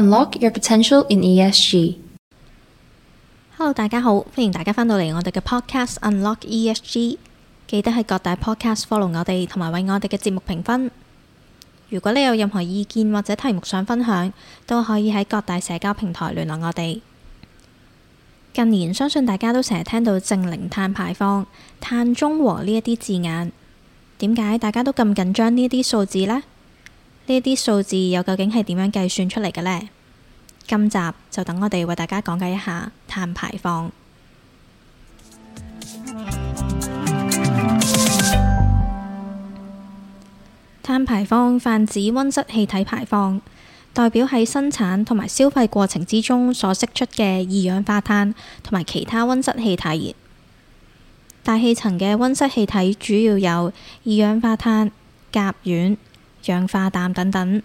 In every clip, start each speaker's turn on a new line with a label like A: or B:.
A: Unlock your potential in ESG。Hello，大家好，歡迎大家翻到嚟我哋嘅 Podcast Unlock ESG。記得喺各大 Podcast follow 我哋，同埋為我哋嘅節目評分。如果你有任何意見或者題目想分享，都可以喺各大社交平台聯絡我哋。近年，相信大家都成日聽到淨零碳排放、碳中和呢一啲字眼。點解大家都咁緊張呢啲數字呢？呢啲數字又究竟係點樣計算出嚟嘅呢？今集就等我哋為大家講解一下碳排放。碳排放泛指溫室氣體排放，代表喺生產同埋消費過程之中所釋出嘅二氧化碳同埋其他溫室氣體。大氣層嘅溫室氣體主要有二氧化碳、甲烷。氧化氮等等。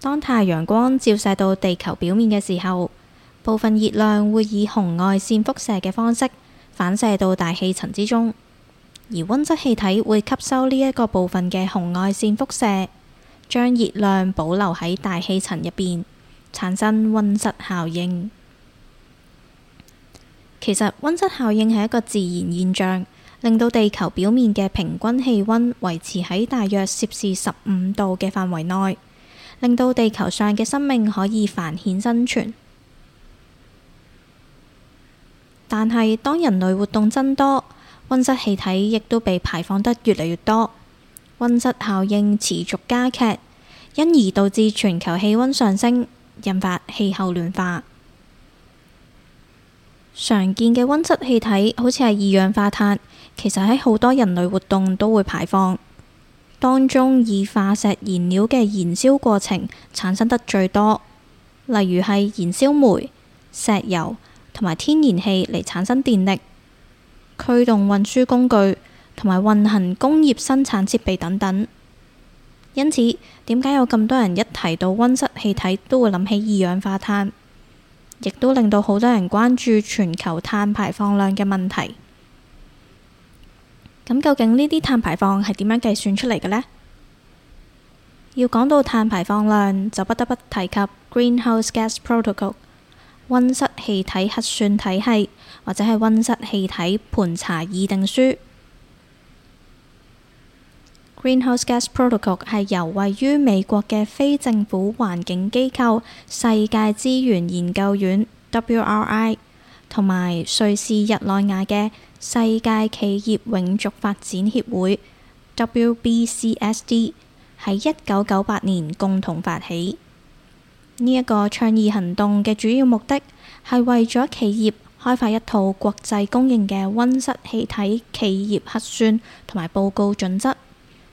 A: 當太陽光照射到地球表面嘅時候，部分熱量會以紅外線輻射嘅方式反射到大氣層之中，而溫室氣體會吸收呢一個部分嘅紅外線輻射，將熱量保留喺大氣層入邊，產生溫室效應。其實溫室效應係一個自然現象。令到地球表面嘅平均氣溫維持喺大約攝氏十五度嘅範圍內，令到地球上嘅生命可以繁衍生存。但係當人類活動增多，溫室氣體亦都被排放得越嚟越多，溫室效應持續加劇，因而導致全球氣溫上升，引發氣候暖化。常見嘅溫室氣體好似係二氧化碳。其實喺好多人類活動都會排放，當中以化石燃料嘅燃燒過程產生得最多，例如係燃燒煤、石油同埋天然氣嚟產生電力，驅動運輸工具同埋運行工業生產設備等等。因此，點解有咁多人一提到溫室氣體都會諗起二氧化碳，亦都令到好多人關注全球碳排放量嘅問題。咁究竟呢啲碳排放係點樣計算出嚟嘅呢？要講到碳排放量，就不得不提及 Greenhouse Gas Protocol 溫室氣體核算體系，或者係溫室氣體盤查議定書。Greenhouse Gas Protocol 係由位於美國嘅非政府環境機構世界資源研究院 （WRI） 同埋瑞士日內瓦嘅。世界企業永續發展協會 （WBCSD） 喺一九九八年共同發起呢一、這個倡議行動嘅主要目的係為咗企業開發一套國際公認嘅溫室氣體企業核算同埋報告準則，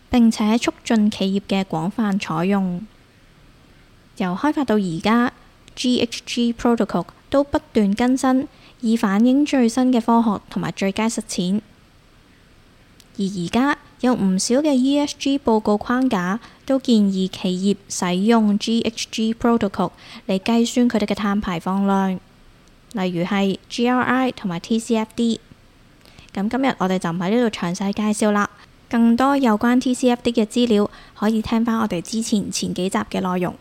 A: 並且促進企業嘅廣泛採用。由開發到而家，GHG Protocol 都不斷更新。以反映最新嘅科學同埋最佳實踐，而而家有唔少嘅 ESG 報告框架都建議企業使用 GHG Protocol 嚟計算佢哋嘅碳排放量，例如係 GRI 同埋 TCFD。咁今日我哋就唔喺呢度詳細介紹啦，更多有關 TCFD 嘅資料可以聽翻我哋之前前幾集嘅內容。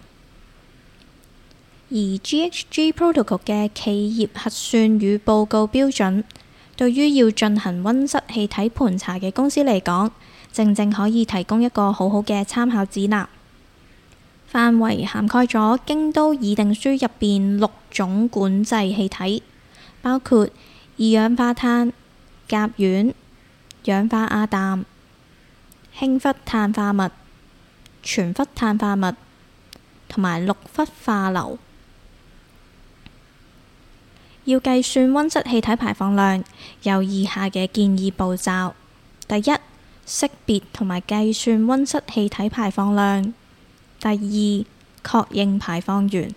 A: 而 GHG Protocol 嘅企業核算與報告標準對於要進行溫室氣體盤查嘅公司嚟講正正可以提供一個好好嘅參考指南。範圍涵蓋咗京都議定書入邊六種管制氣體，包括二氧化碳、甲烷、氧化亞氮、氫氟碳化物、全氟碳化物同埋六氟化硫。要計算温室氣體排放量，有以下嘅建議步驟：第一，識別同埋計算温室氣體排放量；第二，確認排放源；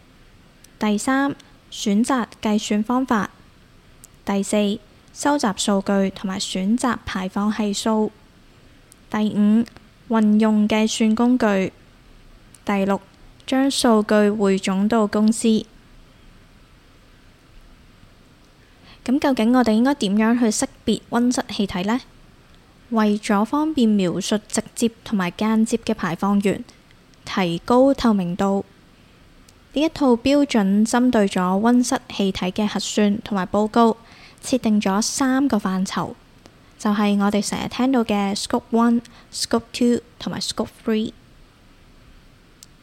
A: 第三，選擇計算方法；第四，收集數據同埋選擇排放係數；第五，運用計算工具；第六，將數據匯總到公司。咁究竟我哋應該點樣去識別温室氣體呢？為咗方便描述直接同埋間接嘅排放源，提高透明度，呢一套標準針對咗温室氣體嘅核算同埋報告，設定咗三個範疇，就係我哋成日聽到嘅 Scope One、Scope Two 同埋 Scope Three。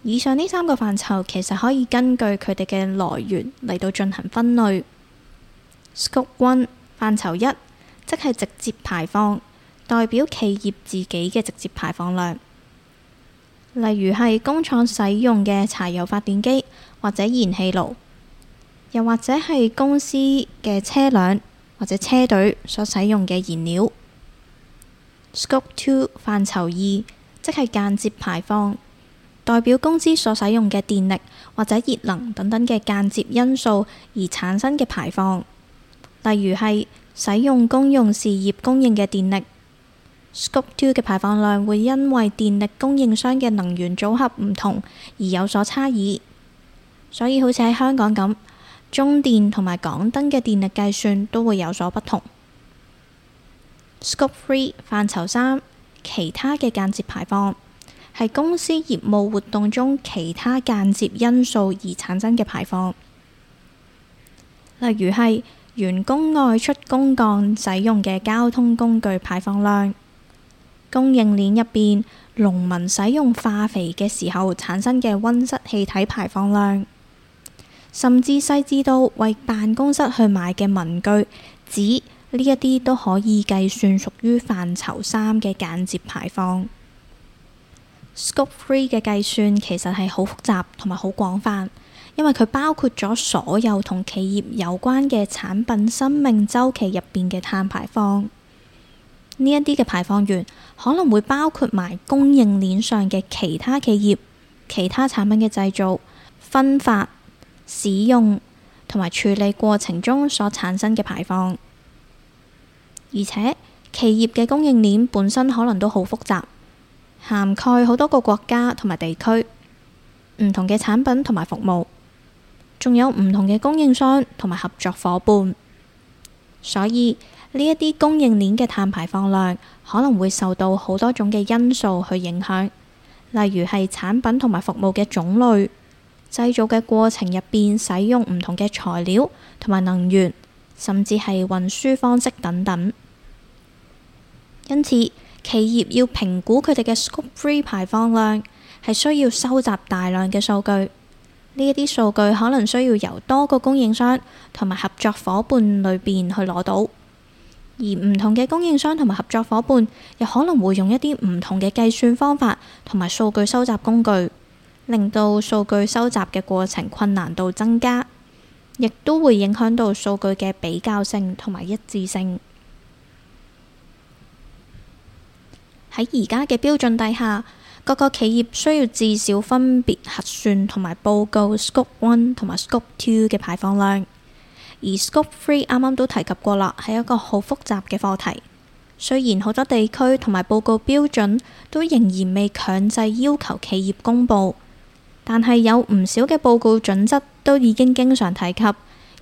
A: 以上呢三個範疇其實可以根據佢哋嘅來源嚟到進行分類。Scope one 範疇一，即係直接排放，代表企業自己嘅直接排放量，例如係工廠使用嘅柴油發電機或者燃氣爐，又或者係公司嘅車輛或者車隊所使用嘅燃料。Scope two 範疇二，即係間接排放，代表公司所使用嘅電力或者熱能等等嘅間接因素而產生嘅排放。例如係使用公用事業供應嘅電力，Scope two 嘅排放量會因為電力供應商嘅能源組合唔同而有所差異。所以好似喺香港咁，中電同埋港燈嘅電力計算都會有所不同。Scope three 範疇三，其他嘅間接排放係公司業務活動中其他間接因素而產生嘅排放。例如係，員工外出工幹使用嘅交通工具排放量，供應鏈入邊農民使用化肥嘅時候產生嘅温室氣體排放量，甚至細緻到為辦公室去買嘅文具紙，呢一啲都可以計算屬於範疇三嘅間接排放。Scope three 嘅計算其實係好複雜同埋好廣泛。因為佢包括咗所有同企業有關嘅產品生命周期入邊嘅碳排放，呢一啲嘅排放源可能會包括埋供應鏈上嘅其他企業、其他產品嘅製造、分發、使用同埋處理過程中所產生嘅排放。而且企業嘅供應鏈本身可能都好複雜，涵蓋好多個國家同埋地區，唔同嘅產品同埋服務。仲有唔同嘅供應商同埋合作伙伴，所以呢一啲供應鏈嘅碳排放量可能會受到好多種嘅因素去影響，例如係產品同埋服務嘅種類、製造嘅過程入邊使用唔同嘅材料同埋能源，甚至係運輸方式等等。因此，企業要評估佢哋嘅 Scope 3排放量，係需要收集大量嘅數據。呢一啲數據可能需要由多個供應商同埋合作伙伴裏邊去攞到，而唔同嘅供應商同埋合作伙伴又可能會用一啲唔同嘅計算方法同埋數據收集工具，令到數據收集嘅過程困難度增加，亦都會影響到數據嘅比較性同埋一致性。喺而家嘅標準底下，各個企業需要至少分別核算同埋報告 Scope One 同埋 Scope Two 嘅排放量，而 Scope Three 啱啱都提及過啦，係一個好複雜嘅課題。雖然好多地區同埋報告標準都仍然未強制要求企業公布，但係有唔少嘅報告準則都已經經常提及，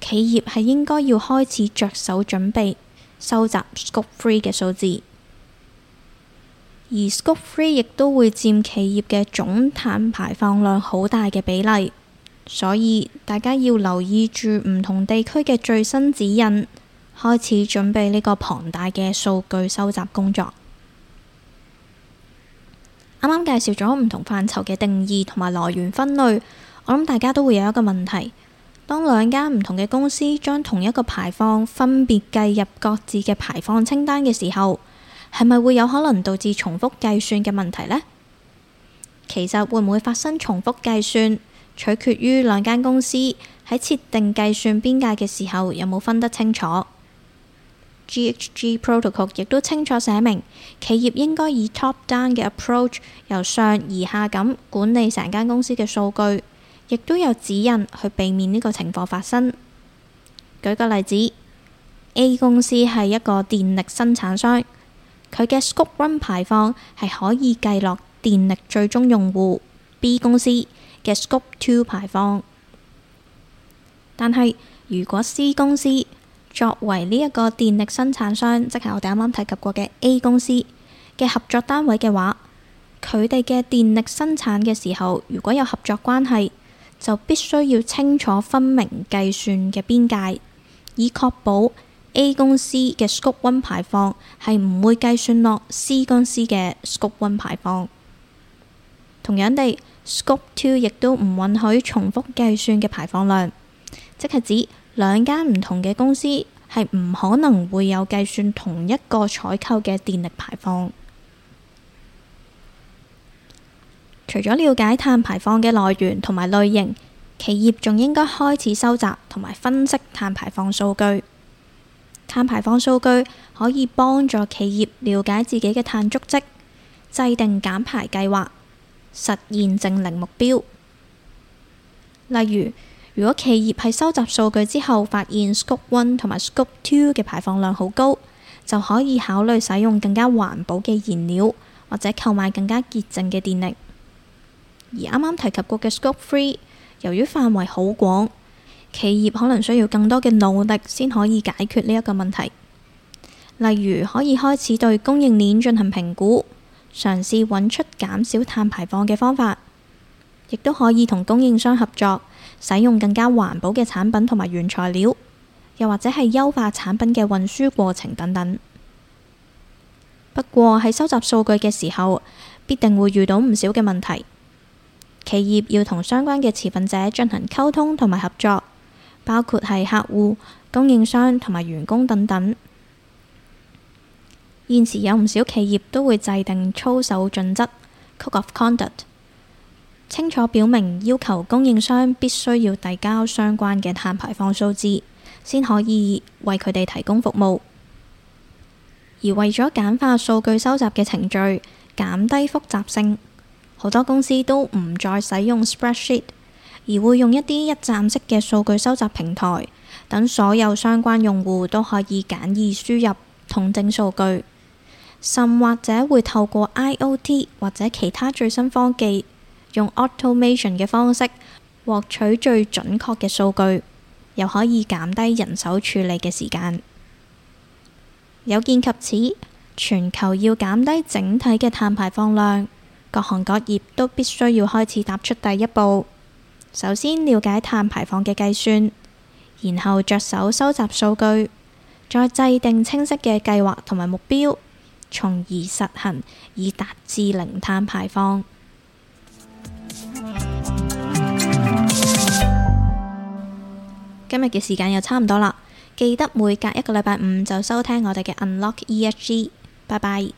A: 企業係應該要開始着手準備，收集 Scope Three 嘅數字。而 Scope Three 亦都會佔企業嘅總碳排放量好大嘅比例，所以大家要留意住唔同地區嘅最新指引，開始準備呢個龐大嘅數據收集工作。啱啱介紹咗唔同範疇嘅定義同埋來源分類，我諗大家都會有一個問題：當兩間唔同嘅公司將同一個排放分別計入各自嘅排放清單嘅時候，係咪會有可能導致重複計算嘅問題呢？其實會唔會發生重複計算，取決於兩間公司喺設定計算邊界嘅時候有冇分得清楚？GHG Protocol 亦都清楚寫明，企業應該以 top down 嘅 approach 由上而下咁管理成間公司嘅數據，亦都有指引去避免呢個情況發生。舉個例子，A 公司係一個電力生產商。佢嘅 Scope One 排放係可以計落電力最終用戶 B 公司嘅 Scope Two 排放，但係如果 C 公司作為呢一個電力生產商，即係我哋啱啱提及過嘅 A 公司嘅合作單位嘅話，佢哋嘅電力生產嘅時候，如果有合作關係，就必須要清楚分明計算嘅邊界，以確保，A 公司嘅 Scope One 排放係唔會計算落 C 公司嘅 Scope One 排放。同樣地，Scope Two 亦都唔允許重複計算嘅排放量，即係指兩間唔同嘅公司係唔可能會有計算同一個採購嘅電力排放。除咗了，了解碳排放嘅來源同埋類型，企業仲應該開始收集同埋分析碳排放數據。碳排放數據可以幫助企業了解自己嘅碳足跡，制定減排計劃，實現淨零目標。例如，如果企業喺收集數據之後發現 Scope One 同埋 Scope Two 嘅排放量好高，就可以考慮使用更加環保嘅燃料，或者購買更加潔淨嘅電力。而啱啱提及過嘅 Scope Three，由於範圍好廣。企業可能需要更多嘅努力先可以解決呢一個問題，例如可以開始對供應鏈進行評估，嘗試揾出減少碳排放嘅方法，亦都可以同供應商合作，使用更加環保嘅產品同埋原材料，又或者係優化產品嘅運輸過程等等。不過喺收集數據嘅時候，必定會遇到唔少嘅問題，企業要同相關嘅持份者進行溝通同埋合作。包括係客戶、供應商同埋員工等等。現時有唔少企業都會制定操守準則 （code of conduct），清楚表明要求供應商必須要遞交相關嘅碳排放數字，先可以為佢哋提供服務。而為咗簡化數據收集嘅程序，減低複雜性，好多公司都唔再使用 spreadsheet。而會用一啲一站式嘅數據收集平台，等所有相關用戶都可以簡易輸入統整數據，甚或者會透過 IoT 或者其他最新科技，用 automation 嘅方式獲取最準確嘅數據，又可以減低人手處理嘅時間。有見及此，全球要減低整體嘅碳排放量，各行各業都必須要開始踏出第一步。首先了解碳排放嘅計算，然後着手收集數據，再製定清晰嘅計劃同埋目標，從而實行，以達至零碳排放。今日嘅時間又差唔多啦，記得每隔一個禮拜五就收聽我哋嘅 Unlock ESG，拜拜。